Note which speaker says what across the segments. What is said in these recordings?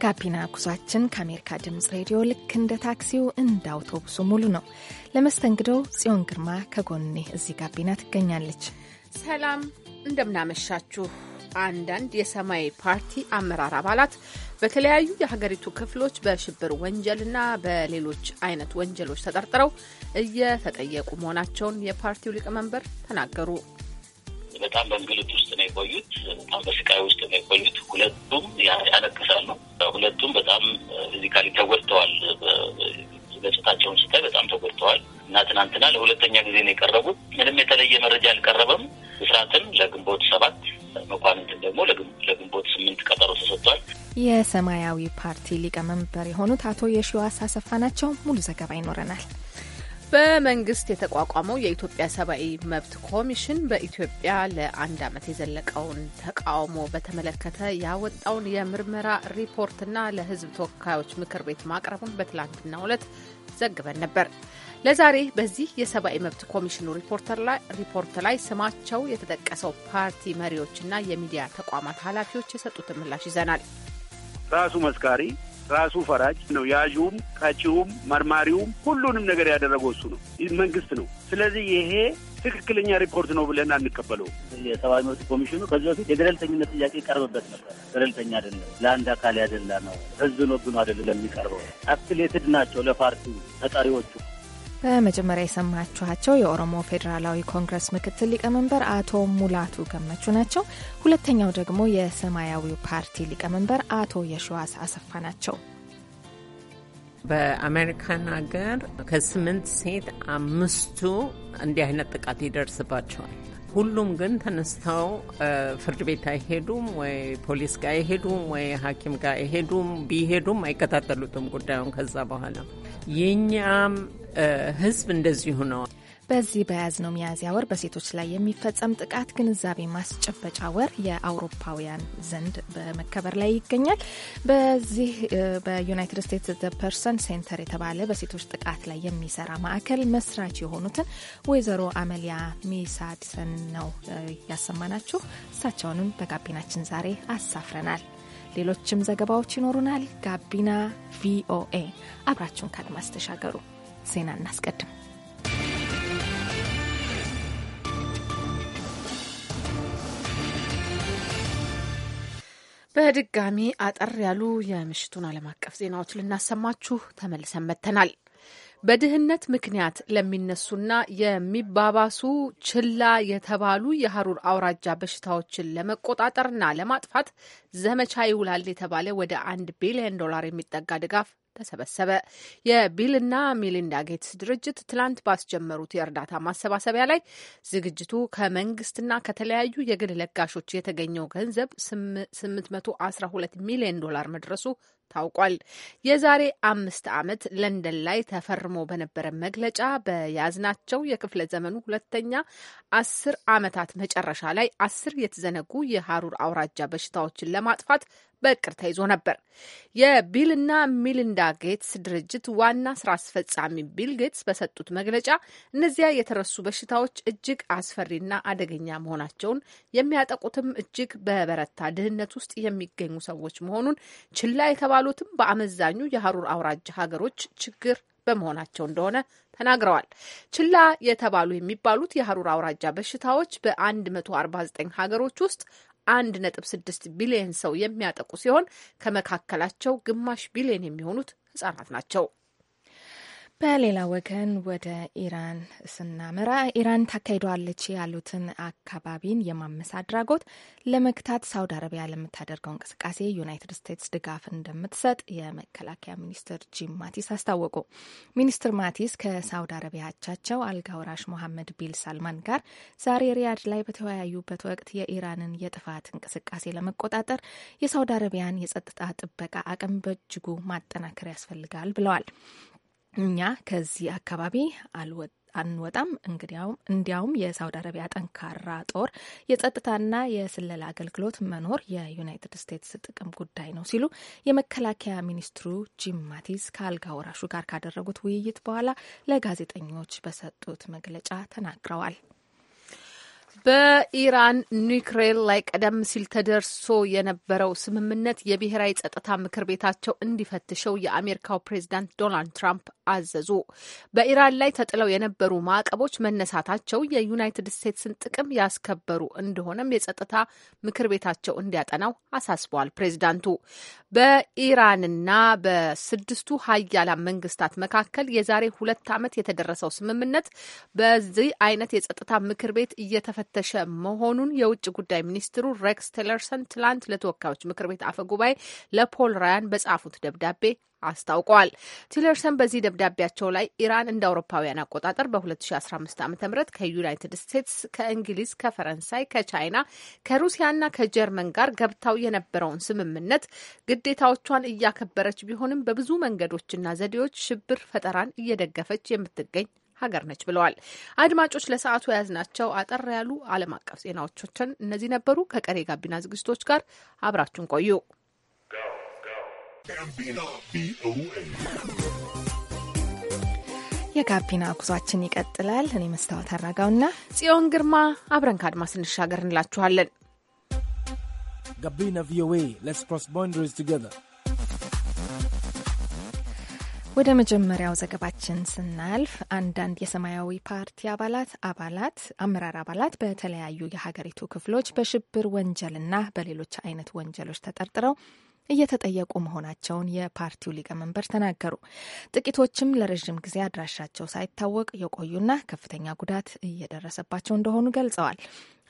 Speaker 1: የጋቢና ጉዟችን ከአሜሪካ ድምፅ ሬዲዮ ልክ እንደ ታክሲው እንደ አውቶቡሱ ሙሉ ነው። ለመስተንግዶ ጽዮን ግርማ ከጎኔ እዚህ ጋቢና ትገኛለች።
Speaker 2: ሰላም እንደምናመሻችሁ። አንዳንድ የሰማያዊ ፓርቲ አመራር አባላት በተለያዩ የሀገሪቱ ክፍሎች በሽብር ወንጀልና በሌሎች አይነት ወንጀሎች ተጠርጥረው እየተጠየቁ መሆናቸውን የፓርቲው ሊቀመንበር ተናገሩ።
Speaker 3: በጣም በእንግልት ውስጥ ነው የቆዩት። በጣም በስቃይ ውስጥ ነው የቆዩት። ሁለቱም ያለቅሳሉ። ሁለቱም በጣም ፊዚካሊ ተጎድተዋል። ገጽታቸውን ስታይ በጣም ተጎድተዋል እና ትናንትና ለሁለተኛ ጊዜ ነው የቀረቡት። ምንም የተለየ መረጃ አልቀረበም። እስራትን ለግንቦት ሰባት መኳንንትን ደግሞ ለግንቦት ስምንት ቀጠሮ ተሰጥቷል።
Speaker 1: የሰማያዊ ፓርቲ ሊቀመንበር የሆኑት አቶ የሺዋስ አሰፋ ናቸው። ሙሉ ዘገባ ይኖረናል። በመንግስት የተቋቋመው
Speaker 2: የኢትዮጵያ ሰብአዊ መብት ኮሚሽን በኢትዮጵያ ለአንድ ዓመት የዘለቀውን ተቃውሞ በተመለከተ ያወጣውን የምርመራ ሪፖርትና ለሕዝብ ተወካዮች ምክር ቤት ማቅረቡን በትላንትናው ዕለት ዘግበን ነበር። ለዛሬ በዚህ የሰብአዊ መብት ኮሚሽኑ ሪፖርት ላይ ስማቸው የተጠቀሰው ፓርቲ መሪዎችና የሚዲያ ተቋማት ኃላፊዎች የሰጡትን ምላሽ ይዘናል።
Speaker 4: ራሱ መስካሪ ራሱ ፈራጅ ነው። ያዥውም፣ ቀጪውም፣ መርማሪውም ሁሉንም ነገር ያደረገው እሱ ነው፣ መንግስት ነው። ስለዚህ ይሄ ትክክለኛ ሪፖርት ነው ብለን አንቀበለው። የሰብአዊ መብት ኮሚሽኑ ከዚህ በፊት የገለልተኝነት ጥያቄ
Speaker 3: ይቀርብበት ነበር። ገለልተኛ አይደለም፣ ለአንድ አካል ያደላ ነው፣ ህዝብን ወግኖ አይደለም የሚቀርበው። አፍሌትድ ናቸው ለፓርቲ ተጠሪዎቹ
Speaker 1: በመጀመሪያ የሰማችኋቸው የኦሮሞ ፌዴራላዊ ኮንግረስ ምክትል ሊቀመንበር አቶ ሙላቱ ገመቹ ናቸው። ሁለተኛው ደግሞ የሰማያዊው ፓርቲ ሊቀመንበር አቶ የሸዋስ አሰፋ ናቸው።
Speaker 2: በአሜሪካን ሀገር ከስምንት ሴት አምስቱ እንዲህ አይነት ጥቃት ይደርስባቸዋል። ሁሉም ግን ተነስተው ፍርድ ቤት አይሄዱም ወይ ፖሊስ ጋር አይሄዱም ወይ ሐኪም ጋር አይሄዱም። ቢሄዱም አይከታተሉትም ጉዳዩን ከዛ በኋላ የእኛም ህዝብ እንደዚሁ ነው።
Speaker 1: በዚህ በያዝነው ሚያዝያ ወር በሴቶች ላይ የሚፈጸም ጥቃት ግንዛቤ ማስጨበጫ ወር የአውሮፓውያን ዘንድ በመከበር ላይ ይገኛል። በዚህ በዩናይትድ ስቴትስ ዘ ፐርሰን ሴንተር የተባለ በሴቶች ጥቃት ላይ የሚሰራ ማዕከል መስራች የሆኑትን ወይዘሮ አመሊያ ሚሳድሰን ነው ያሰማናችሁ። እሳቸውንም በጋቢናችን ዛሬ አሳፍረናል። ሌሎችም ዘገባዎች ይኖሩናል። ጋቢና ቪኦኤ አብራችሁን ካድማስ ተሻገሩ። ዜና እናስቀድም።
Speaker 2: በድጋሚ አጠር ያሉ የምሽቱን ዓለም አቀፍ ዜናዎች ልናሰማችሁ ተመልሰን መጥተናል። በድህነት ምክንያት ለሚነሱና የሚባባሱ ችላ የተባሉ የሀሩር አውራጃ በሽታዎችን ለመቆጣጠርና ለማጥፋት ዘመቻ ይውላል የተባለ ወደ አንድ ቢሊዮን ዶላር የሚጠጋ ድጋፍ ተሰበሰበ። የቢልና ሚሊንዳ ጌትስ ድርጅት ትላንት ባስጀመሩት የእርዳታ ማሰባሰቢያ ላይ ዝግጅቱ ከመንግስትና ከተለያዩ የግል ለጋሾች የተገኘው ገንዘብ 812 ሚሊዮን ዶላር መድረሱ ታውቋል። የዛሬ አምስት ዓመት ለንደን ላይ ተፈርሞ በነበረ መግለጫ በያዝናቸው የክፍለ ዘመኑ ሁለተኛ አስር ዓመታት መጨረሻ ላይ አስር የተዘነጉ የሀሩር አውራጃ በሽታዎችን ለማጥፋት በእቅድ ተይዞ ነበር። የቢልና ሚሊንዳ ጌትስ ድርጅት ዋና ስራ አስፈጻሚ ቢል ጌትስ በሰጡት መግለጫ እነዚያ የተረሱ በሽታዎች እጅግ አስፈሪና አደገኛ መሆናቸውን የሚያጠቁትም እጅግ በበረታ ድህነት ውስጥ የሚገኙ ሰዎች መሆኑን ችላ የተባ የተባሉትም በአመዛኙ የሀሩር አውራጃ ሀገሮች ችግር በመሆናቸው እንደሆነ ተናግረዋል። ችላ የተባሉ የሚባሉት የሀሩር አውራጃ በሽታዎች በ149 ሀገሮች ውስጥ 1.6 ቢሊዮን ሰው የሚያጠቁ ሲሆን ከመካከላቸው ግማሽ ቢሊዮን የሚሆኑት ህጻናት ናቸው።
Speaker 1: በሌላ ወገን ወደ ኢራን ስናመራ ኢራን ታካሂደዋለች ያሉትን አካባቢን የማመስ አድራጎት ለመግታት ሳውዲ አረቢያ ለምታደርገው እንቅስቃሴ ዩናይትድ ስቴትስ ድጋፍ እንደምትሰጥ የመከላከያ ሚኒስትር ጂም ማቲስ አስታወቁ። ሚኒስትር ማቲስ ከሳውዲ አረቢያ አቻቸው አልጋውራሽ ሞሐመድ ቢል ሳልማን ጋር ዛሬ ሪያድ ላይ በተወያዩበት ወቅት የኢራንን የጥፋት እንቅስቃሴ ለመቆጣጠር የሳውዲ አረቢያን የጸጥታ ጥበቃ አቅም በእጅጉ ማጠናከር ያስፈልጋል ብለዋል። እኛ ከዚህ አካባቢ አልወጥ አንወጣም እንግዲያውም እንዲያውም የሳውዲ አረቢያ ጠንካራ ጦር የጸጥታና የስለላ አገልግሎት መኖር የዩናይትድ ስቴትስ ጥቅም ጉዳይ ነው ሲሉ የመከላከያ ሚኒስትሩ ጂም ማቲስ ከአልጋ ወራሹ ጋር ካደረጉት ውይይት በኋላ ለጋዜጠኞች በሰጡት መግለጫ ተናግረዋል።
Speaker 2: በኢራን ኒውክሌር ላይ ቀደም ሲል ተደርሶ የነበረው ስምምነት የብሔራዊ ጸጥታ ምክር ቤታቸው እንዲፈትሸው የአሜሪካው ፕሬዚዳንት ዶናልድ ትራምፕ አዘዙ። በኢራን ላይ ተጥለው የነበሩ ማዕቀቦች መነሳታቸው የዩናይትድ ስቴትስን ጥቅም ያስከበሩ እንደሆነም የጸጥታ ምክር ቤታቸው እንዲያጠናው አሳስበዋል። ፕሬዚዳንቱ በኢራንና በስድስቱ ሀያላን መንግስታት መካከል የዛሬ ሁለት ዓመት የተደረሰው ስምምነት በዚህ አይነት የጸጥታ ምክር ቤት እየተፈ እየተፈተሸ መሆኑን የውጭ ጉዳይ ሚኒስትሩ ሬክስ ቴለርሰን ትላንት ለተወካዮች ምክር ቤት አፈ ጉባኤ ለፖል ራያን በጻፉት ደብዳቤ አስታውቀዋል። ቲለርሰን በዚህ ደብዳቤያቸው ላይ ኢራን እንደ አውሮፓውያን አቆጣጠር በ2015 ዓ ም ከዩናይትድ ስቴትስ፣ ከእንግሊዝ፣ ከፈረንሳይ፣ ከቻይና፣ ከሩሲያና ከጀርመን ጋር ገብታው የነበረውን ስምምነት ግዴታዎቿን እያከበረች ቢሆንም በብዙ መንገዶችና ዘዴዎች ሽብር ፈጠራን እየደገፈች የምትገኝ ሀገር ነች ብለዋል። አድማጮች ለሰዓቱ የያዝናቸው አጠር ያሉ ዓለም አቀፍ ዜናዎችን እነዚህ ነበሩ። ከቀሬ ጋቢና ዝግጅቶች ጋር
Speaker 1: አብራችሁን ቆዩ። የጋቢና ጉዟችን ይቀጥላል። እኔ መስታወት አራጋውና ጽዮን ግርማ አብረን ከአድማስ እንሻገር እንላችኋለን። ጋቢና ቪኦኤ ወደ መጀመሪያው ዘገባችን ስናልፍ አንዳንድ የሰማያዊ ፓርቲ አባላት አባላት አመራር አባላት በተለያዩ የሀገሪቱ ክፍሎች በሽብር ወንጀልና በሌሎች አይነት ወንጀሎች ተጠርጥረው እየተጠየቁ መሆናቸውን የፓርቲው ሊቀመንበር ተናገሩ። ጥቂቶችም ለረዥም ጊዜ አድራሻቸው ሳይታወቅ የቆዩና ከፍተኛ ጉዳት እየደረሰባቸው እንደሆኑ ገልጸዋል።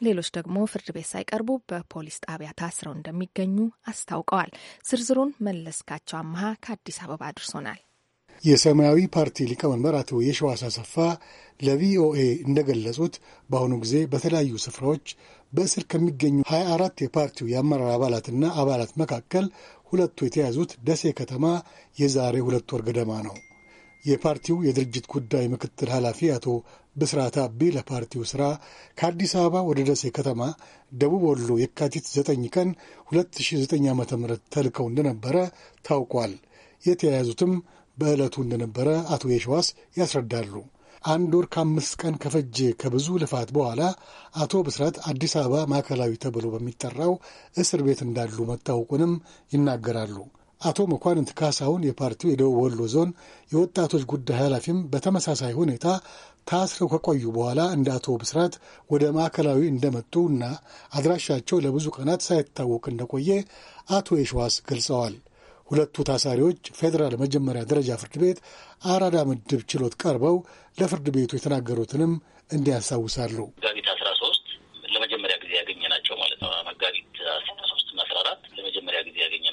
Speaker 1: ሌሎች ደግሞ ፍርድ ቤት ሳይቀርቡ በፖሊስ ጣቢያ ታስረው እንደሚገኙ አስታውቀዋል። ዝርዝሩን መለስካቸው አመሃ ከአዲስ አበባ አድርሶናል።
Speaker 5: የሰማያዊ ፓርቲ ሊቀመንበር አቶ የሸዋስ አሰፋ ለቪኦኤ እንደገለጹት በአሁኑ ጊዜ በተለያዩ ስፍራዎች በእስር ከሚገኙ 24 የፓርቲው የአመራር አባላትና አባላት መካከል ሁለቱ የተያዙት ደሴ ከተማ የዛሬ ሁለት ወር ገደማ ነው። የፓርቲው የድርጅት ጉዳይ ምክትል ኃላፊ አቶ ብስራት አቢ ለፓርቲው ሥራ ከአዲስ አበባ ወደ ደሴ ከተማ ደቡብ ወሎ የካቲት 9 ቀን 2009 ዓ ም ተልከው እንደነበረ ታውቋል። የተያያዙትም በዕለቱ እንደነበረ አቶ የሸዋስ ያስረዳሉ። አንድ ወር ከአምስት ቀን ከፈጀ ከብዙ ልፋት በኋላ አቶ ብስራት አዲስ አበባ ማዕከላዊ ተብሎ በሚጠራው እስር ቤት እንዳሉ መታወቁንም ይናገራሉ። አቶ መኳንንት ካሳሁን የፓርቲው የደቡብ ወሎ ዞን የወጣቶች ጉዳይ ኃላፊም በተመሳሳይ ሁኔታ ታስረው ከቆዩ በኋላ እንደ አቶ ብስራት ወደ ማዕከላዊ እንደመጡ እና አድራሻቸው ለብዙ ቀናት ሳይታወቅ እንደቆየ አቶ የሸዋስ ገልጸዋል። ሁለቱ ታሳሪዎች ፌዴራል መጀመሪያ ደረጃ ፍርድ ቤት አራዳ ምድብ ችሎት ቀርበው ለፍርድ ቤቱ የተናገሩትንም እንዲያስታውሳሉ። መጋቢት አስራ ሶስት ለመጀመሪያ ጊዜ ያገኘ ናቸው ማለት ነው። መጋቢት አስራ ሶስት እና አስራ
Speaker 3: አራት ለመጀመሪያ ጊዜ ያገኘ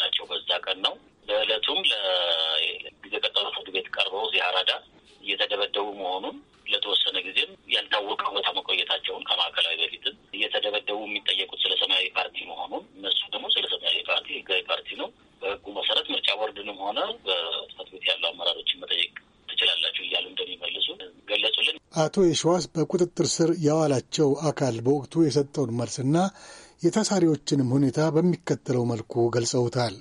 Speaker 5: አቶ የሸዋስ በቁጥጥር ስር ያዋላቸው አካል በወቅቱ የሰጠውን መልስና የታሳሪዎችንም ሁኔታ በሚከተለው መልኩ ገልጸውታል።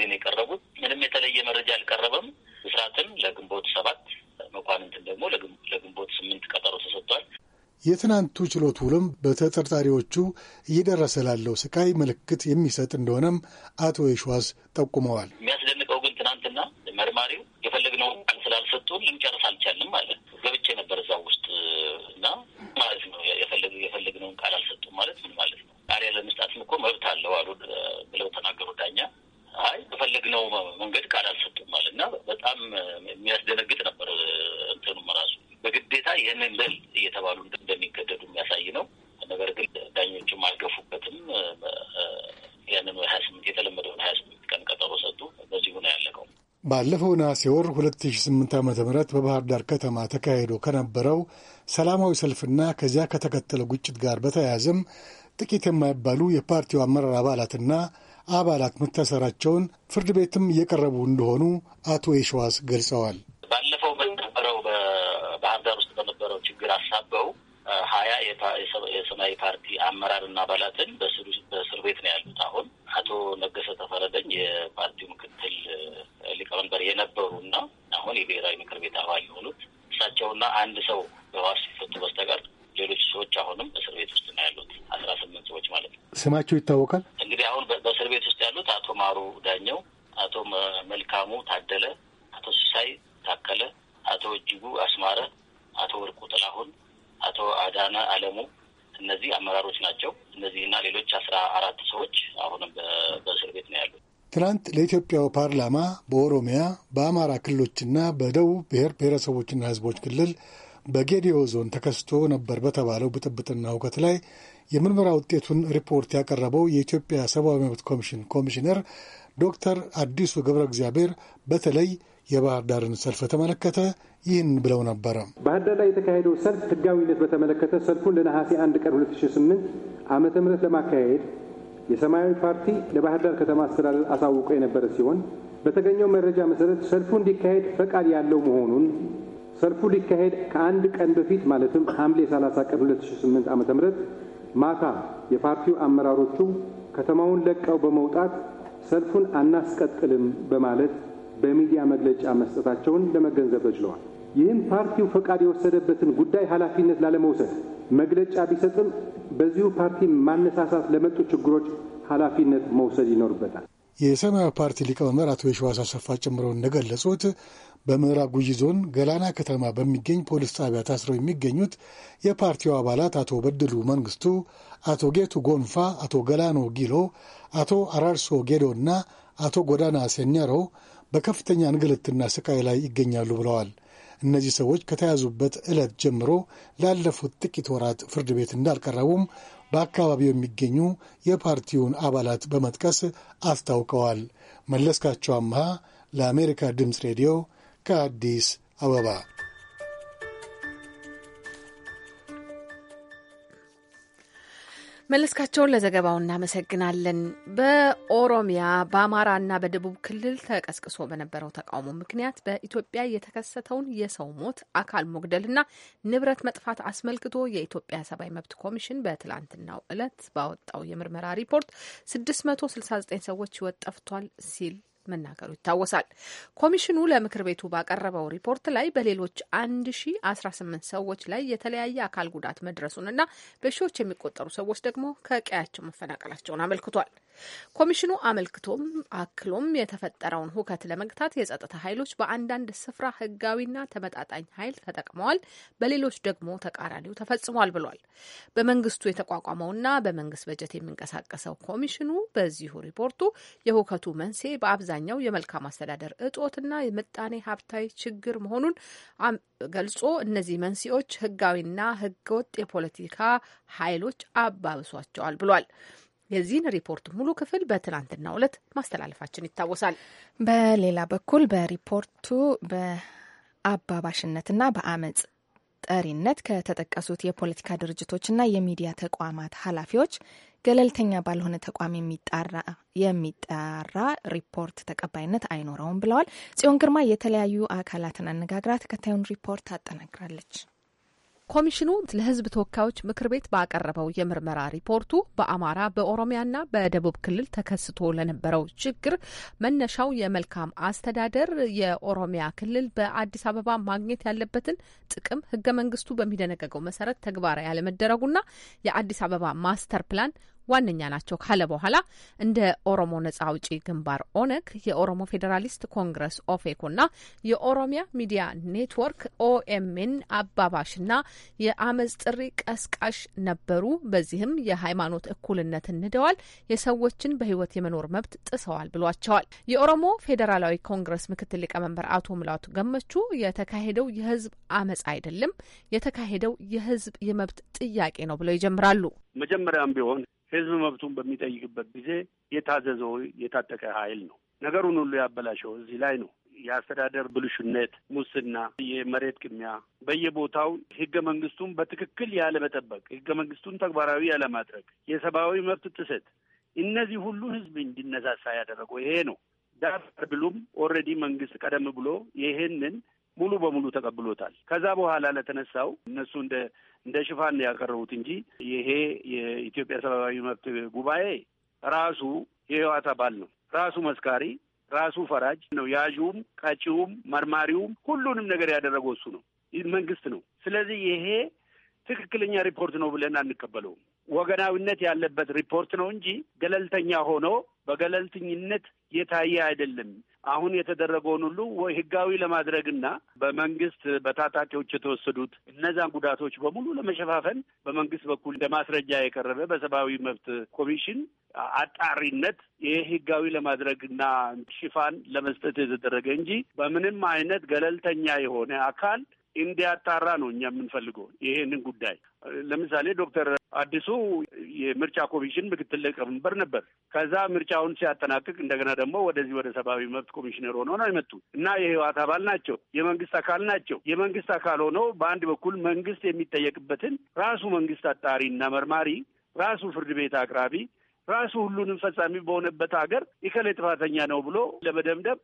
Speaker 3: ጊዜ ነው የቀረቡት። ምንም የተለየ መረጃ አልቀረበም። እስራትን ለግንቦት ሰባት መኳንንትን ደግሞ ለግንቦት ስምንት ቀጠሮ ተሰጥቷል።
Speaker 5: የትናንቱ ችሎት ውልም በተጠርጣሪዎቹ እየደረሰ ላለው ስቃይ ምልክት የሚሰጥ እንደሆነም አቶ የሸዋስ ጠቁመዋል። ባለፈው ነሐሴ ወር 2008 ዓ ም በባህር ዳር ከተማ ተካሂዶ ከነበረው ሰላማዊ ሰልፍና ከዚያ ከተከተለው ግጭት ጋር በተያያዘም ጥቂት የማይባሉ የፓርቲው አመራር አባላትና አባላት መታሰራቸውን ፍርድ ቤትም እየቀረቡ እንደሆኑ አቶ የሸዋስ ገልጸዋል።
Speaker 3: ሀያ የሰማያዊ ፓርቲ አመራር እና አባላትን በእስር ቤት ነው ያሉት። አሁን አቶ ነገሰ ተፈረደኝ የፓርቲው ምክትል ሊቀመንበር የነበሩና አሁን የብሔራዊ ምክር ቤት አባል የሆኑት እሳቸውና አንድ ሰው በዋስ ሲፈቱ በስተቀር ሌሎች ሰዎች አሁንም እስር ቤት ውስጥ
Speaker 5: ነው ያሉት። አስራ ስምንት ሰዎች ማለት ነው። ስማቸው ይታወቃል። እንግዲህ አሁን በእስር ቤት ውስጥ ያሉት አቶ ማሩ
Speaker 3: ዳኘው፣ አቶ መልካሙ ታደለ፣ አቶ ሲሳይ ታከለ፣ አቶ እጅጉ አስማረ፣ አቶ ወርቁ ጥላሁን አቶ አዳነ አለሙ እነዚህ አመራሮች ናቸው። እነዚህና ሌሎች አስራ አራት ሰዎች አሁንም በእስር ቤት ነው
Speaker 5: ያሉት። ትናንት ለኢትዮጵያው ፓርላማ በኦሮሚያ በአማራ ክልሎችና በደቡብ ብሔር ብሔረሰቦችና ሕዝቦች ክልል በጌዲዮ ዞን ተከስቶ ነበር በተባለው ብጥብጥና እውከት ላይ የምርመራ ውጤቱን ሪፖርት ያቀረበው የኢትዮጵያ ሰብአዊ መብት ኮሚሽን ኮሚሽነር ዶክተር አዲሱ ገብረ እግዚአብሔር በተለይ የባህር ዳርን ሰልፍ በተመለከተ ይህን ብለው ነበረ። ባህር ዳር ላይ የተካሄደው ሰልፍ ህጋዊነት በተመለከተ ሰልፉን ለነሐሴ አንድ ቀን 2008 ዓመተ ምህረት ለማካሄድ የሰማያዊ ፓርቲ ለባህር ዳር ከተማ አስተዳደር አሳውቆ የነበረ ሲሆን በተገኘው መረጃ መሰረት ሰልፉ እንዲካሄድ ፈቃድ ያለው መሆኑን ሰልፉ ሊካሄድ ከአንድ ቀን በፊት ማለትም ሐምሌ 30 ቀን 2008 ዓ ም ማታ የፓርቲው አመራሮቹ ከተማውን ለቀው በመውጣት ሰልፉን አናስቀጥልም በማለት በሚዲያ መግለጫ መስጠታቸውን ለመገንዘብ ተችለዋል። ይህም ፓርቲው ፈቃድ የወሰደበትን ጉዳይ ኃላፊነት ላለመውሰድ መግለጫ ቢሰጥም በዚሁ ፓርቲ ማነሳሳት ለመጡ ችግሮች ኃላፊነት መውሰድ ይኖርበታል። የሰማያዊ ፓርቲ ሊቀመንበር አቶ የሸዋስ አሰፋ ጨምረው እንደገለጹት በምዕራብ ጉጂ ዞን ገላና ከተማ በሚገኝ ፖሊስ ጣቢያ ታስረው የሚገኙት የፓርቲው አባላት አቶ በድሉ መንግስቱ፣ አቶ ጌቱ ጎንፋ፣ አቶ ገላኖ ጊሎ፣ አቶ አራርሶ ጌዶ እና አቶ ጎዳና ሴኛሮ በከፍተኛ እንግልትና ስቃይ ላይ ይገኛሉ ብለዋል። እነዚህ ሰዎች ከተያዙበት ዕለት ጀምሮ ላለፉት ጥቂት ወራት ፍርድ ቤት እንዳልቀረቡም በአካባቢው የሚገኙ የፓርቲውን አባላት በመጥቀስ አስታውቀዋል። መለስካቸው አምሃ ለአሜሪካ ድምፅ ሬዲዮ ከአዲስ አበባ
Speaker 2: መለስካቸውን ለዘገባው እናመሰግናለን። በኦሮሚያ በአማራና በደቡብ ክልል ተቀስቅሶ በነበረው ተቃውሞ ምክንያት በኢትዮጵያ የተከሰተውን የሰው ሞት፣ አካል መጉደልና ንብረት መጥፋት አስመልክቶ የኢትዮጵያ ሰብአዊ መብት ኮሚሽን በትላንትናው ዕለት ባወጣው የምርመራ ሪፖርት 669 ሰዎች ሕይወት ጠፍቷል ሲል መናገሩ ይታወሳል። ኮሚሽኑ ለምክር ቤቱ ባቀረበው ሪፖርት ላይ በሌሎች 1018 ሰዎች ላይ የተለያየ አካል ጉዳት መድረሱንና በሺዎች የሚቆጠሩ ሰዎች ደግሞ ከቀያቸው መፈናቀላቸውን አመልክቷል። ኮሚሽኑ አመልክቶም አክሎም የተፈጠረውን ሁከት ለመግታት የጸጥታ ኃይሎች በአንዳንድ ስፍራ ህጋዊና ተመጣጣኝ ኃይል ተጠቅመዋል፣ በሌሎች ደግሞ ተቃራኒው ተፈጽሟል ብሏል። በመንግስቱ የተቋቋመውና በመንግስት በጀት የሚንቀሳቀሰው ኮሚሽኑ በዚሁ ሪፖርቱ የሁከቱ መንስኤ በአብዛኛው የመልካም አስተዳደር እጦትና የምጣኔ ሀብታዊ ችግር መሆኑን ገልጾ እነዚህ መንስኤዎች ህጋዊና ህገወጥ የፖለቲካ ኃይሎች አባብሷቸዋል ብሏል። የዚህን ሪፖርት ሙሉ ክፍል በትናንትናው ዕለት ማስተላለፋችን ይታወሳል።
Speaker 1: በሌላ በኩል በሪፖርቱ በአባባሽነትና በአመፅ ጠሪነት ከተጠቀሱት የፖለቲካ ድርጅቶችና የሚዲያ ተቋማት ኃላፊዎች ገለልተኛ ባልሆነ ተቋም የሚጣራ ሪፖርት ተቀባይነት አይኖረውም ብለዋል። ጽዮን ግርማ የተለያዩ አካላትን አነጋግራ ተከታዩን ሪፖርት አጠናግራለች። ኮሚሽኑ ለሕዝብ
Speaker 2: ተወካዮች ምክር ቤት ባቀረበው የምርመራ ሪፖርቱ በአማራ በኦሮሚያና በደቡብ ክልል ተከስቶ ለነበረው ችግር መነሻው የመልካም አስተዳደር የኦሮሚያ ክልል በአዲስ አበባ ማግኘት ያለበትን ጥቅም ሕገ መንግስቱ በሚደነገገው መሰረት ተግባራዊ ያለመደረጉና የአዲስ አበባ ማስተር ፕላን ዋነኛ ናቸው ካለ በኋላ እንደ ኦሮሞ ነጻ አውጪ ግንባር ኦነግ፣ የኦሮሞ ፌዴራሊስት ኮንግረስ ኦፌኮና የኦሮሚያ ሚዲያ ኔትወርክ ኦኤምኤን አባባሽና የአመፅ ጥሪ ቀስቃሽ ነበሩ። በዚህም የሃይማኖት እኩልነትን ንደዋል፣ የሰዎችን በህይወት የመኖር መብት ጥሰዋል ብሏቸዋል። የኦሮሞ ፌዴራላዊ ኮንግረስ ምክትል ሊቀመንበር አቶ ሙላቱ ገመቹ የተካሄደው የህዝብ አመፅ አይደለም፣ የተካሄደው የህዝብ የመብት ጥያቄ ነው ብለው ይጀምራሉ።
Speaker 4: መጀመሪያም ቢሆን ህዝብ መብቱን በሚጠይቅበት ጊዜ የታዘዘው የታጠቀ ኃይል ነው። ነገሩን ሁሉ ያበላሸው እዚህ ላይ ነው። የአስተዳደር ብልሹነት፣ ሙስና፣ የመሬት ቅሚያ በየቦታው ህገ መንግስቱን በትክክል ያለመጠበቅ፣ ህገ መንግስቱን ተግባራዊ ያለማድረግ፣ የሰብአዊ መብት ጥሰት፣ እነዚህ ሁሉ ህዝብ እንዲነሳሳ ያደረገው ይሄ ነው። ዳር ብሉም ኦልሬዲ መንግስት ቀደም ብሎ ይሄንን ሙሉ በሙሉ ተቀብሎታል። ከዛ በኋላ ለተነሳው እነሱ እንደ እንደ ሽፋን ያቀረቡት እንጂ ይሄ የኢትዮጵያ ሰብአዊ መብት ጉባኤ ራሱ የህወሓት አባል ነው። ራሱ መስካሪ፣ ራሱ ፈራጅ ነው። ያዥውም፣ ቀጪውም፣ መርማሪውም ሁሉንም ነገር ያደረገው እሱ ነው፣ መንግስት ነው። ስለዚህ ይሄ ትክክለኛ ሪፖርት ነው ብለን አንቀበለውም። ወገናዊነት ያለበት ሪፖርት ነው እንጂ ገለልተኛ ሆኖ በገለልተኝነት የታየ አይደለም። አሁን የተደረገውን ሁሉ ወይ ህጋዊ ለማድረግና በመንግስት በታጣቂዎች የተወሰዱት እነዛን ጉዳቶች በሙሉ ለመሸፋፈን በመንግስት በኩል እንደ ማስረጃ የቀረበ በሰብአዊ መብት ኮሚሽን አጣሪነት ይህ ህጋዊ ለማድረግና ሽፋን ለመስጠት የተደረገ እንጂ በምንም አይነት ገለልተኛ የሆነ አካል እንዲያጣራ ነው እኛ የምንፈልገው ይሄንን ጉዳይ። ለምሳሌ ዶክተር አዲሱ የምርጫ ኮሚሽን ምክትል ሊቀመንበር ነበር። ከዛ ምርጫውን ሲያጠናቅቅ እንደገና ደግሞ ወደዚህ ወደ ሰብአዊ መብት ኮሚሽነር ሆኖ ነው የመጡ እና የህወሓት አባል ናቸው፣ የመንግስት አካል ናቸው። የመንግስት አካል ሆነው በአንድ በኩል መንግስት የሚጠየቅበትን ራሱ መንግስት አጣሪና መርማሪ ራሱ ፍርድ ቤት አቅራቢ ራሱ ሁሉንም ፈጻሚ በሆነበት ሀገር ኢከሌ ጥፋተኛ ነው ብሎ ለመደምደም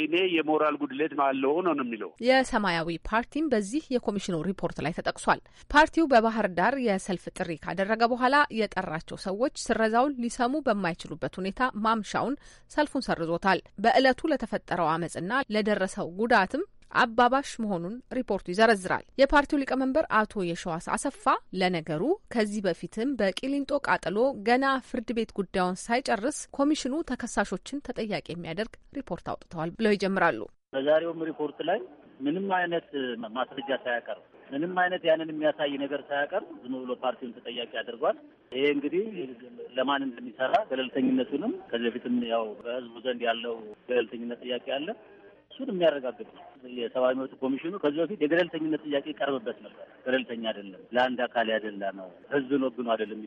Speaker 4: እኔ የሞራል ጉድለት አለው ነው የሚለው
Speaker 2: የሰማያዊ ፓርቲም በዚህ የኮሚሽኑ ሪፖርት ላይ ተጠቅሷል። ፓርቲው በባህር ዳር የሰልፍ ጥሪ ካደረገ በኋላ የጠራቸው ሰዎች ስረዛውን ሊሰሙ በማይችሉበት ሁኔታ ማምሻውን ሰልፉን ሰርዞታል። በዕለቱ ለተፈጠረው አመፅና ለደረሰው ጉዳትም አባባሽ መሆኑን ሪፖርቱ ይዘረዝራል። የፓርቲው ሊቀመንበር አቶ የሸዋስ አሰፋ ለነገሩ ከዚህ በፊትም በቂሊንጦ ቃጠሎ ገና ፍርድ ቤት ጉዳዩን ሳይጨርስ ኮሚሽኑ ተከሳሾችን ተጠያቂ የሚያደርግ ሪፖርት አውጥተዋል ብለው ይጀምራሉ።
Speaker 3: በዛሬውም ሪፖርት ላይ ምንም አይነት ማስረጃ ሳያቀርብ ምንም አይነት ያንን የሚያሳይ ነገር ሳያቀርብ ዝም ብሎ ፓርቲውን ተጠያቂ አድርጓል። ይሄ እንግዲህ ለማን እንደሚሰራ ገለልተኝነቱንም ከዚህ በፊትም ያው በህዝቡ ዘንድ ያለው ገለልተኝነት ጥያቄ አለ። እሱን የሚያረጋግጥ ነው። የሰብአዊ መብት ኮሚሽኑ ከዚህ በፊት የገለልተኝነት ጥያቄ ይቀርብበት ነበር። ገለልተኛ አይደለም፣ ለአንድ አካል ያደላ ነው፣ ህዝብን ወግኖ አይደለም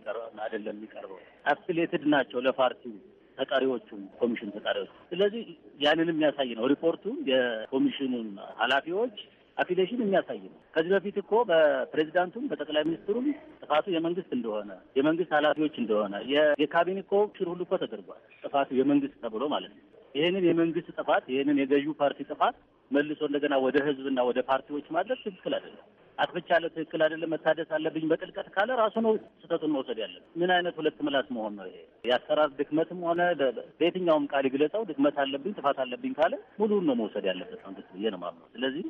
Speaker 3: አይደለም የሚቀርበው። አፍሌትድ ናቸው ለፓርቲው ተጠሪዎቹም ኮሚሽን ተጠሪዎች። ስለዚህ ያንን የሚያሳይ ነው ሪፖርቱ። የኮሚሽኑን ኃላፊዎች አፊሌሽን የሚያሳይ ነው። ከዚህ በፊት እኮ በፕሬዚዳንቱም በጠቅላይ ሚኒስትሩም ጥፋቱ የመንግስት እንደሆነ የመንግስት ኃላፊዎች እንደሆነ የካቢኔ ኮሚሽን ሁሉ እኮ ተደርጓል። ጥፋቱ የመንግስት ተብሎ ማለት ነው። ይህንን የመንግስት ጥፋት ይህንን የገዢው ፓርቲ ጥፋት መልሶ እንደገና ወደ ህዝብና ወደ ፓርቲዎች ማድረግ ትክክል አይደለም። አጥፍቻለሁ፣ ትክክል አይደለም፣ መታደስ አለብኝ በጥልቀት ካለ ራሱ ነው ስህተቱን መውሰድ ያለን። ምን አይነት ሁለት ምላስ መሆን ነው ይሄ? የአሰራር ድክመትም ሆነ በየትኛውም ቃል ይግለጸው ድክመት አለብኝ፣ ጥፋት አለብኝ ካለ ሙሉውን ነው መውሰድ ያለበት መንግስት ብዬ ነው የማምነው። ስለዚህ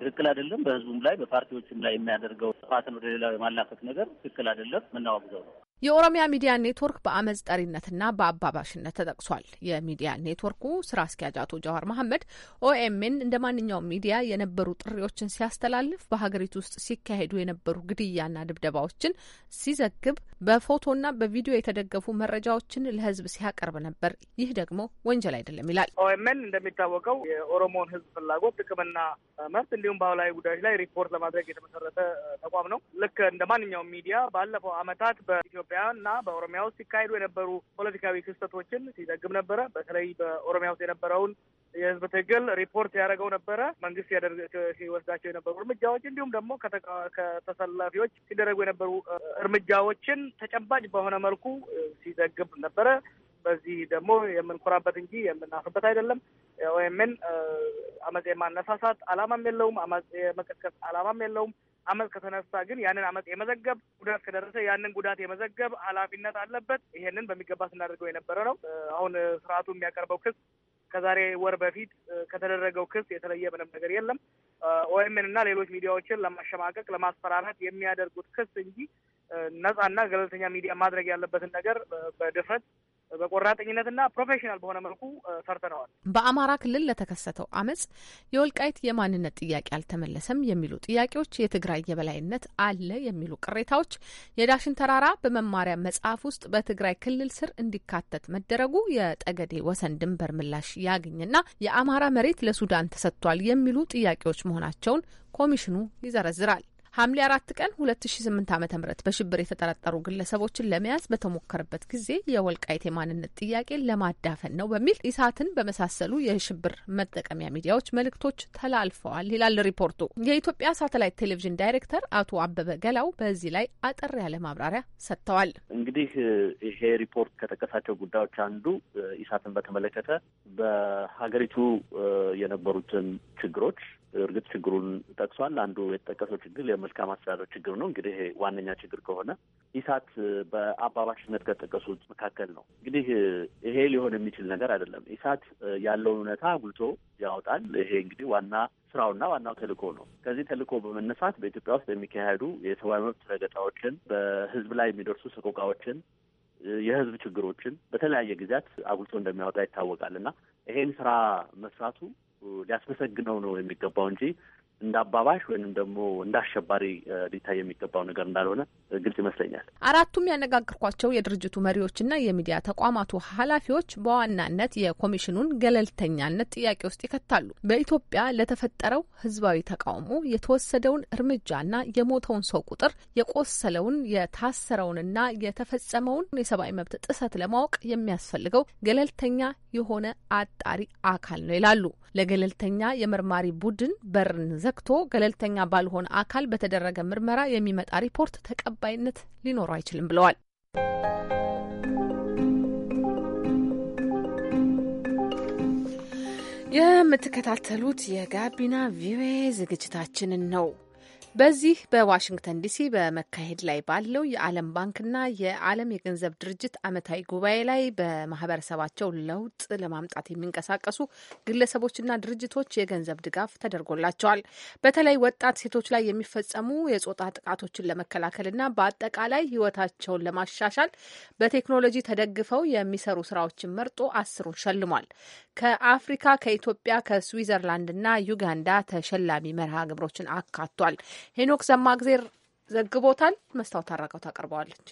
Speaker 3: ትክክል አይደለም። በህዝቡም ላይ በፓርቲዎችም ላይ የሚያደርገው ጥፋትን ወደ ሌላው የማላፈት ነገር ትክክል አይደለም፣ ምናወግዘው ነው።
Speaker 2: የኦሮሚያ ሚዲያ ኔትወርክ በአመፅ ጠሪነትና በአባባሽነት ተጠቅሷል። የሚዲያ ኔትወርኩ ስራ አስኪያጅ አቶ ጃዋር መሐመድ ኦኤምኤን እንደ ማንኛውም ሚዲያ የነበሩ ጥሪዎችን ሲያስተላልፍ፣ በሀገሪቱ ውስጥ ሲካሄዱ የነበሩ ግድያና ድብደባዎችን ሲዘግብ፣ በፎቶና በቪዲዮ የተደገፉ መረጃዎችን ለህዝብ ሲያቀርብ ነበር። ይህ ደግሞ ወንጀል አይደለም ይላል።
Speaker 6: ኦኤምኤን እንደሚታወቀው የኦሮሞን ህዝብ ፍላጎት፣ ጥቅምና መብት እንዲሁም ባህላዊ ጉዳዮች ላይ ሪፖርት ለማድረግ የተመሰረተ ተቋም ነው። ልክ እንደ ማንኛውም ሚዲያ ባለፈው አመታት በኢትዮጵያ በኢትዮጵያ እና በኦሮሚያ ውስጥ ሲካሄዱ የነበሩ ፖለቲካዊ ክስተቶችን ሲዘግብ ነበረ። በተለይ በኦሮሚያ ውስጥ የነበረውን የህዝብ ትግል ሪፖርት ያደረገው ነበረ። መንግስት ሲወስዳቸው የነበሩ እርምጃዎች እንዲሁም ደግሞ ከተሰላፊዎች ሲደረጉ የነበሩ እርምጃዎችን ተጨባጭ በሆነ መልኩ ሲዘግብ ነበረ። በዚህ ደግሞ የምንኮራበት እንጂ የምናፍርበት አይደለም። ኦኤምን አመፅ የማነሳሳት አላማም የለውም። አመፅ የመቀስቀስ አላማም የለውም። አመፅ ከተነሳ ግን ያንን አመፅ የመዘገብ ጉዳት ከደረሰ ያንን ጉዳት የመዘገብ ኃላፊነት አለበት። ይሄንን በሚገባ ስናደርገው የነበረ ነው። አሁን ስርዓቱ የሚያቀርበው ክስ ከዛሬ ወር በፊት ከተደረገው ክስ የተለየ ምንም ነገር የለም። ኦኤምን እና ሌሎች ሚዲያዎችን ለማሸማቀቅ ለማስፈራራት የሚያደርጉት ክስ እንጂ ነፃና ገለልተኛ ሚዲያ ማድረግ ያለበትን ነገር በድፍረት በቆራጠኝነትና ፕሮፌሽናል በሆነ መልኩ ሰርተነዋል።
Speaker 2: በአማራ ክልል ለተከሰተው አመፅ የወልቃይት የማንነት ጥያቄ አልተመለሰም የሚሉ ጥያቄዎች፣ የትግራይ የበላይነት አለ የሚሉ ቅሬታዎች፣ የዳሽን ተራራ በመማሪያ መጽሐፍ ውስጥ በትግራይ ክልል ስር እንዲካተት መደረጉ፣ የጠገዴ ወሰን ድንበር ምላሽ ያግኝና የአማራ መሬት ለሱዳን ተሰጥቷል የሚሉ ጥያቄዎች መሆናቸውን ኮሚሽኑ ይዘረዝራል። ሐምሌ አራት ቀን ሁለት ሺ ስምንት በሽብር የተጠረጠሩ ግለሰቦችን ለመያዝ በተሞከረበት ጊዜ የወልቃይት የማንነት ጥያቄ ለማዳፈን ነው በሚል ኢሳትን በመሳሰሉ የሽብር መጠቀሚያ ሚዲያዎች መልእክቶች ተላልፈዋል ይላል ሪፖርቱ። የኢትዮጵያ ሳተላይት ቴሌቪዥን ዳይሬክተር አቶ አበበ ገላው በዚህ ላይ አጠር ያለ ማብራሪያ ሰጥተዋል።
Speaker 3: እንግዲህ ይሄ ሪፖርት ከጠቀሳቸው ጉዳዮች አንዱ ኢሳትን በተመለከተ በሀገሪቱ የነበሩትን ችግሮች እርግጥ ችግሩን ጠቅሷል። አንዱ የተጠቀሰው ችግር የመልካም አስተዳደር ችግር ነው። እንግዲህ ዋነኛ ችግር ከሆነ ኢሳት በአባባሽነት ከጠቀሱት መካከል ነው። እንግዲህ ይሄ ሊሆን የሚችል ነገር አይደለም። ኢሳት ያለውን እውነታ አጉልቶ ያወጣል። ይሄ እንግዲህ ዋና ስራውና ዋናው ተልእኮ ነው። ከዚህ ተልእኮ በመነሳት በኢትዮጵያ ውስጥ የሚካሄዱ የሰብአዊ መብት ረገጣዎችን፣ በህዝብ ላይ የሚደርሱ ሰቆቃዎችን፣ የህዝብ ችግሮችን በተለያየ ጊዜያት አጉልቶ እንደሚያወጣ ይታወቃል እና ይሄን ስራ መስራቱ ሊያስመሰግነው ነው የሚገባው እንጂ እንደ አባባሽ ወይንም ደግሞ እንደ አሸባሪ ሊታይ የሚገባው ነገር እንዳልሆነ ግልጽ ይመስለኛል።
Speaker 2: አራቱም ያነጋግርኳቸው የድርጅቱ መሪዎችና የሚዲያ ተቋማቱ ኃላፊዎች በዋናነት የኮሚሽኑን ገለልተኛነት ጥያቄ ውስጥ ይከታሉ። በኢትዮጵያ ለተፈጠረው ህዝባዊ ተቃውሞ የተወሰደውን እርምጃና የሞተውን ሰው ቁጥር የቆሰለውን፣ የታሰረውንና የተፈጸመውን የሰብአዊ መብት ጥሰት ለማወቅ የሚያስፈልገው ገለልተኛ የሆነ አጣሪ አካል ነው ይላሉ። ለገለልተኛ የመርማሪ ቡድን በርን ዘግቶ ገለልተኛ ባልሆነ አካል በተደረገ ምርመራ የሚመጣ ሪፖርት ተቀባይነት ሊኖረው አይችልም ብለዋል። የምትከታተሉት የጋቢና ቪኦኤ ዝግጅታችንን ነው። በዚህ በዋሽንግተን ዲሲ በመካሄድ ላይ ባለው የዓለም ባንክና የዓለም የገንዘብ ድርጅት ዓመታዊ ጉባኤ ላይ በማህበረሰባቸው ለውጥ ለማምጣት የሚንቀሳቀሱ ግለሰቦችና ድርጅቶች የገንዘብ ድጋፍ ተደርጎላቸዋል። በተለይ ወጣት ሴቶች ላይ የሚፈጸሙ የጾታ ጥቃቶችን ለመከላከልና በአጠቃላይ ሕይወታቸውን ለማሻሻል በቴክኖሎጂ ተደግፈው የሚሰሩ ስራዎችን መርጦ አስሩን ሸልሟል። ከአፍሪካ ከኢትዮጵያ፣ ከስዊዘርላንድና ዩጋንዳ ተሸላሚ መርሃ ግብሮችን አካቷል። ሄኖክ ዘማግዜር ዘግቦታል። መስታወት
Speaker 1: አራቀው ታቀርበዋለች።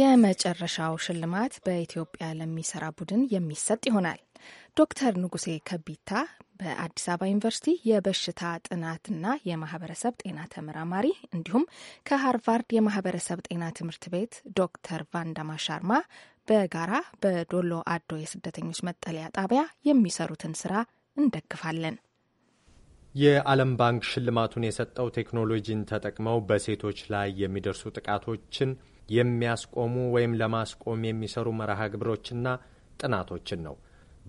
Speaker 1: የመጨረሻው ሽልማት በኢትዮጵያ ለሚሰራ ቡድን የሚሰጥ ይሆናል። ዶክተር ንጉሴ ከቢታ በአዲስ አበባ ዩኒቨርሲቲ የበሽታ ጥናትና የማህበረሰብ ጤና ተመራማሪ እንዲሁም ከሃርቫርድ የማህበረሰብ ጤና ትምህርት ቤት ዶክተር ቫንዳማ ሻርማ በጋራ በዶሎ አዶ የስደተኞች መጠለያ ጣቢያ የሚሰሩትን ስራ እንደግፋለን።
Speaker 7: የዓለም ባንክ ሽልማቱን የሰጠው ቴክኖሎጂን ተጠቅመው በሴቶች ላይ የሚደርሱ ጥቃቶችን የሚያስቆሙ ወይም ለማስቆም የሚሰሩ መርሃ ግብሮችና ጥናቶችን ነው።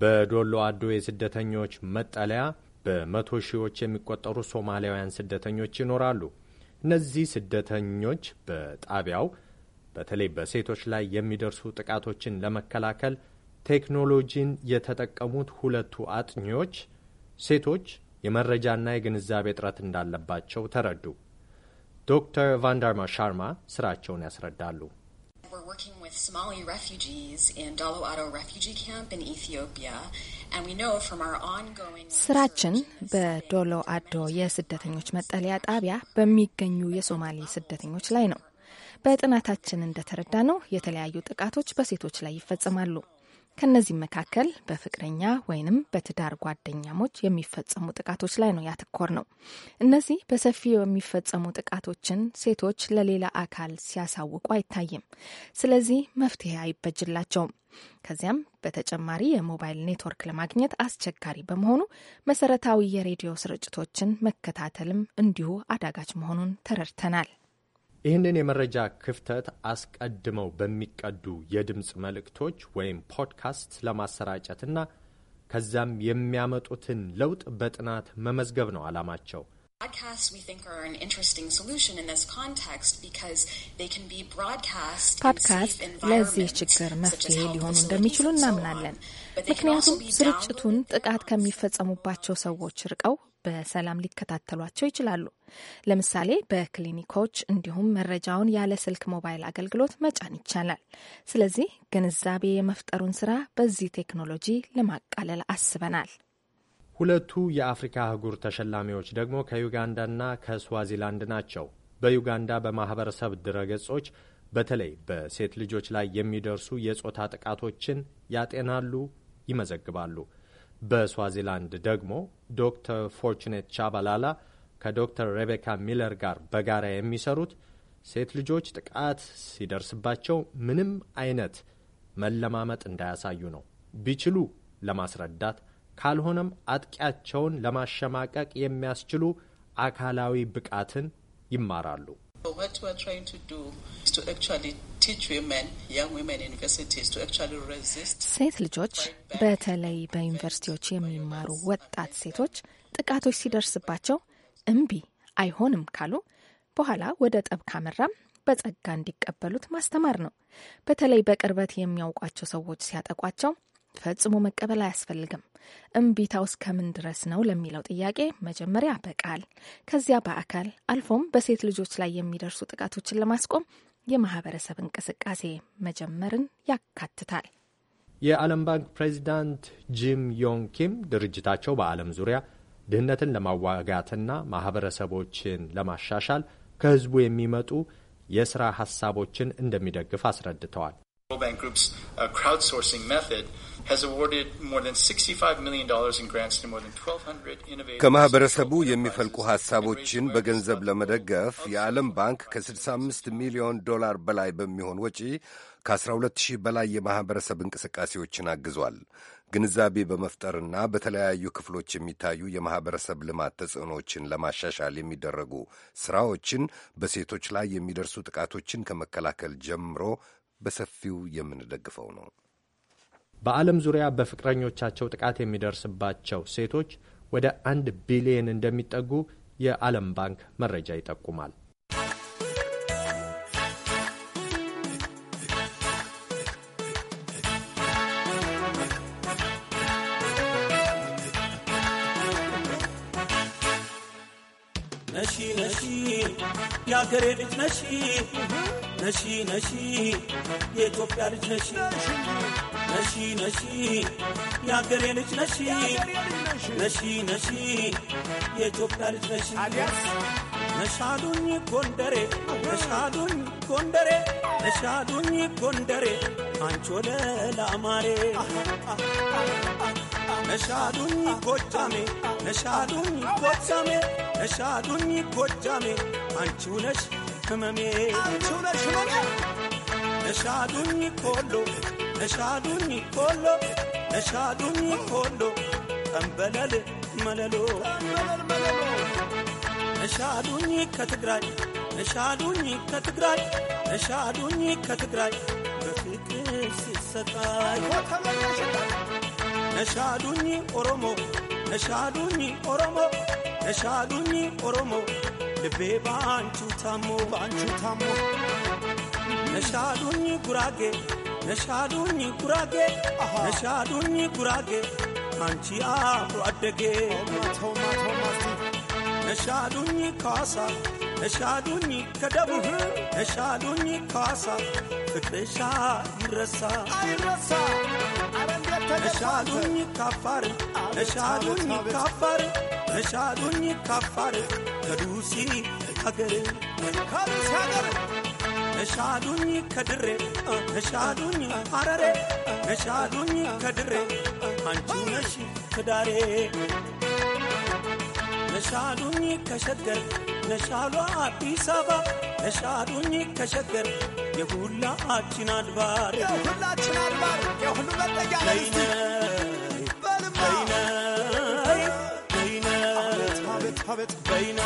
Speaker 7: በዶሎ አዶ የስደተኞች መጠለያ በመቶ ሺዎች የሚቆጠሩ ሶማሊያውያን ስደተኞች ይኖራሉ። እነዚህ ስደተኞች በጣቢያው በተለይ በሴቶች ላይ የሚደርሱ ጥቃቶችን ለመከላከል ቴክኖሎጂን የተጠቀሙት ሁለቱ አጥኚዎች ሴቶች የመረጃና የግንዛቤ እጥረት እንዳለባቸው ተረዱ። ዶክተር ቫንዳርማ ሻርማ ስራቸውን ያስረዳሉ።
Speaker 1: working with Somali refugees in Dalo Ado refugee camp in Ethiopia. ስራችን በዶሎ አዶ የስደተኞች መጠለያ ጣቢያ በሚገኙ የሶማሌ ስደተኞች ላይ ነው። በጥናታችን እንደተረዳ ነው የተለያዩ ጥቃቶች በሴቶች ላይ ይፈጸማሉ። ከነዚህ መካከል በፍቅረኛ ወይንም በትዳር ጓደኛሞች የሚፈጸሙ ጥቃቶች ላይ ነው ያተኮር ነው። እነዚህ በሰፊው የሚፈጸሙ ጥቃቶችን ሴቶች ለሌላ አካል ሲያሳውቁ አይታይም። ስለዚህ መፍትሄ አይበጅላቸውም። ከዚያም በተጨማሪ የሞባይል ኔትወርክ ለማግኘት አስቸጋሪ በመሆኑ መሰረታዊ የሬዲዮ ስርጭቶችን መከታተልም እንዲሁ አዳጋች መሆኑን ተረድተናል።
Speaker 7: ይህንን የመረጃ ክፍተት አስቀድመው በሚቀዱ የድምፅ መልእክቶች ወይም ፖድካስት ለማሰራጨትና ከዚያም የሚያመጡትን ለውጥ በጥናት መመዝገብ ነው ዓላማቸው።
Speaker 1: ፖድካስት ለዚህ ችግር መፍትሄ ሊሆኑ እንደሚችሉ እናምናለን። ምክንያቱም ስርጭቱን ጥቃት ከሚፈጸሙባቸው ሰዎች ርቀው በሰላም ሊከታተሏቸው ይችላሉ። ለምሳሌ በክሊኒኮች፣ እንዲሁም መረጃውን ያለ ስልክ ሞባይል አገልግሎት መጫን ይቻላል። ስለዚህ ግንዛቤ የመፍጠሩን ስራ በዚህ ቴክኖሎጂ ለማቃለል አስበናል።
Speaker 7: ሁለቱ የአፍሪካ አህጉር ተሸላሚዎች ደግሞ ከዩጋንዳና ከስዋዚላንድ ናቸው። በዩጋንዳ በማኅበረሰብ ድረገጾች በተለይ በሴት ልጆች ላይ የሚደርሱ የጾታ ጥቃቶችን ያጤናሉ፣ ይመዘግባሉ። በስዋዚላንድ ደግሞ ዶክተር ፎርቹኔት ቻባላላ ከዶክተር ሬቤካ ሚለር ጋር በጋራ የሚሰሩት ሴት ልጆች ጥቃት ሲደርስባቸው ምንም አይነት መለማመጥ እንዳያሳዩ ነው ቢችሉ ለማስረዳት ካልሆነም አጥቂያቸውን ለማሸማቀቅ የሚያስችሉ አካላዊ ብቃትን ይማራሉ።
Speaker 1: ሴት ልጆች በተለይ በዩኒቨርሲቲዎች የሚማሩ ወጣት ሴቶች ጥቃቶች ሲደርስባቸው እምቢ አይሆንም ካሉ በኋላ ወደ ጠብ ካመራም በጸጋ እንዲቀበሉት ማስተማር ነው። በተለይ በቅርበት የሚያውቋቸው ሰዎች ሲያጠቋቸው ፈጽሞ መቀበል አያስፈልግም። እምቢታው እስከምን ድረስ ነው ለሚለው ጥያቄ መጀመሪያ በቃል ከዚያ በአካል አልፎም በሴት ልጆች ላይ የሚደርሱ ጥቃቶችን ለማስቆም የማህበረሰብ እንቅስቃሴ መጀመርን ያካትታል።
Speaker 7: የዓለም ባንክ ፕሬዚዳንት ጂም ዮንግ ኪም ድርጅታቸው በዓለም ዙሪያ ድህነትን ለማዋጋትና ማህበረሰቦችን ለማሻሻል ከህዝቡ የሚመጡ የስራ ሀሳቦችን እንደሚደግፍ አስረድተዋል።
Speaker 4: ከማኅበረሰቡ የሚፈልቁ ሐሳቦችን በገንዘብ ለመደገፍ የዓለም ባንክ ከ65 ሚሊዮን ዶላር በላይ በሚሆን ወጪ ከ 12000 በላይ የማኅበረሰብ እንቅስቃሴዎችን አግዟል። ግንዛቤ በመፍጠርና በተለያዩ ክፍሎች የሚታዩ የማኅበረሰብ ልማት ተጽዕኖዎችን ለማሻሻል የሚደረጉ ሥራዎችን፣ በሴቶች ላይ የሚደርሱ ጥቃቶችን ከመከላከል ጀምሮ በሰፊው
Speaker 7: የምንደግፈው ነው። በዓለም ዙሪያ በፍቅረኞቻቸው ጥቃት የሚደርስባቸው ሴቶች ወደ አንድ ቢሊየን እንደሚጠጉ የዓለም ባንክ መረጃ ይጠቁማል።
Speaker 8: ነሺ ነሺ የአገሬ ልጅ ነሺ ነሺ ነሺ የኢትዮጵያ ልጅ ነሺ ነሺ ነሺ የአገሬ ልጅ ነሺ ነሺ ነሺ የኢትዮጵያ ልጅ ነሺ ነሻዱኝ ጎንደሬ ነሻዱኝ ጎንደሬ ነሻዱኝ ጎንደሬ አንቺ ወለላ አማሬ ነሻዱኝ ጎጃሜ ነሻዱኝ ጎጃሜ ነሻዱኝ ጎጃሜ አንቺው ነሽ ህመሜ ነሻዱኝ ኮሎ ነሻዱኝ ኮሎ ነሻዱኝ ኮሎ ጠንበለል መለሎ ነሻዱኝ ከትግራይ ነሻዱኝ ከትግራይ ነሻዱኝ ከትግራይ በፍቅር ሲሰጣይ ነሻዱኝ ኦሮሞ ነሻዱኝ ኦሮሞ ነሻዱኝ ኦሮሞ ልቤ ባንቹ ታሞ ባንቹ ታሞ ነሻዱኝ ጉራጌ ነሻዱኝ ጉራጌ ነሻዱኝ ጉራጌ አንቺ አብሮ አደጌ ነሻዱኝ ካሳ ነሻዱኝ ከደቡብ ነሻዱኝ ካሳ ፍቅሬሻ ይረሳ አይረሳ ነሻዱኝ ካፋር ነሻዱኝ ካፋር ነሻዱኝ ካፋር ከዱሲ ሀገር ከዱሲ ሀገር ነሻዱኝ ከድሬ ነሻዱኝ ሐረሬ ነሻዱኝ ከድሬ አንቺ ነሽ ክዳሬ ነሻዱኝ ከሸገር ነሻሏ አዲስ አበባ ነሻዱኝ ከሸገር የሁላችን አድባር የሁላችን አድባር የሁሉ መጠጊያ በይነ በይነ በይነ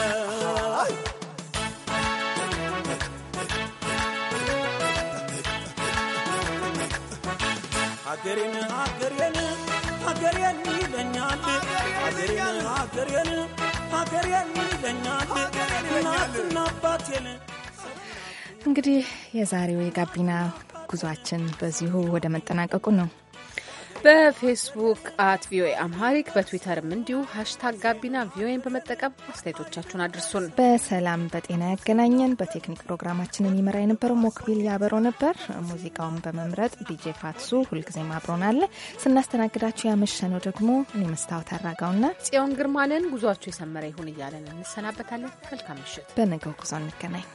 Speaker 8: ሀገሬን ሀገሬን ሀገሬን ይለኛል ሀገሬን ሀገሬን ሀገሬን ይለኛል እናትና
Speaker 2: አባቴን።
Speaker 1: እንግዲህ የዛሬው የጋቢና ጉዟችን በዚሁ ወደ መጠናቀቁ ነው።
Speaker 2: በፌስቡክ አት ቪኦኤ አምሃሪክ በትዊተርም እንዲሁ ሀሽታግ ጋቢና ቪኦኤን በመጠቀም አስተያየቶቻችሁን አድርሱን።
Speaker 1: በሰላም በጤና ያገናኘን። በቴክኒክ ፕሮግራማችንን ይመራ የነበረው ሞክቢል ያበረው ነበር። ሙዚቃውን በመምረጥ ዲጄ ፋትሱ ሁልጊዜም አብሮናል። ስናስተናግዳችሁ ያመሸነው ደግሞ እኔ መስታወት አራጋውና
Speaker 2: ጽዮን ግርማንን ጉዟችሁ የሰመረ ይሁን እያለን እንሰናበታለን። መልካም ምሽት።
Speaker 1: በነገው ጉዞ እንገናኝ።